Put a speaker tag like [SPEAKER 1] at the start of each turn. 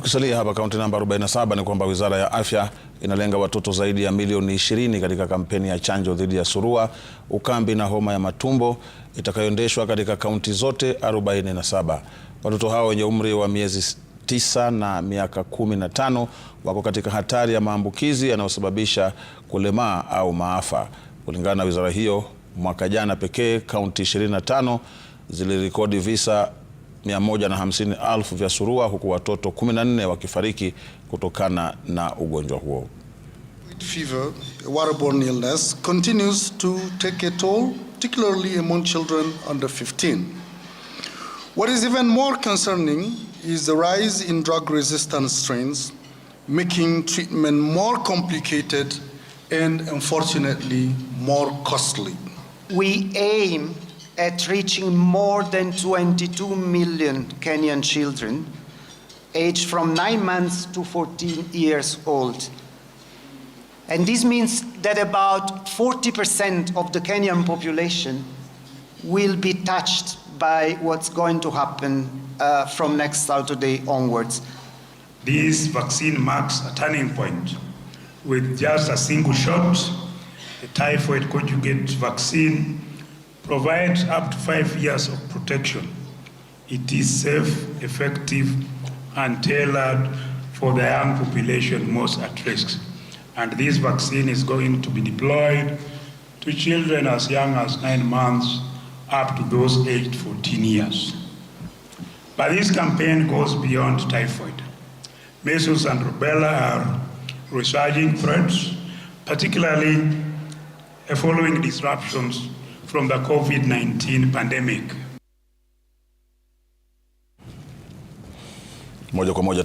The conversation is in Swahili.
[SPEAKER 1] Tukisalia hapa kaunti namba 47 ni kwamba wizara ya afya inalenga watoto zaidi ya milioni 20 katika kampeni ya chanjo dhidi ya surua, ukambi na homa ya matumbo itakayoendeshwa katika kaunti zote 47. Watoto hao wenye umri wa miezi tisa na miaka kumi na tano wako katika hatari ya maambukizi yanayosababisha kulemaa au maafa. Kulingana na wizara hiyo, mwaka jana pekee kaunti 25 zilirekodi visa 150,000 vya surua huku watoto 14 wakifariki kutokana na ugonjwa huo.
[SPEAKER 2] Fever, a waterborne illness, continues to take a toll, particularly among children under 15. What is even more concerning is the rise in drug-resistant strains, making treatment more complicated and unfortunately more costly.
[SPEAKER 3] We aim at reaching more than 22 million Kenyan children aged from 9 months to 14 years old. And this means that about 40% of the Kenyan population will be touched by what's going to happen uh, from next Saturday onwards.
[SPEAKER 4] This vaccine marks a turning point. With just a single shot, the typhoid conjugate vaccine provides up to five years of protection. It is safe, effective, and tailored for the young population most at risk. And this vaccine is going to be deployed to children as young as nine months up to those aged 14 years. But this campaign goes beyond typhoid. Measles and rubella are resurging threats, particularly following disruptions from the COVID-19 pandemic. Moja kwa moja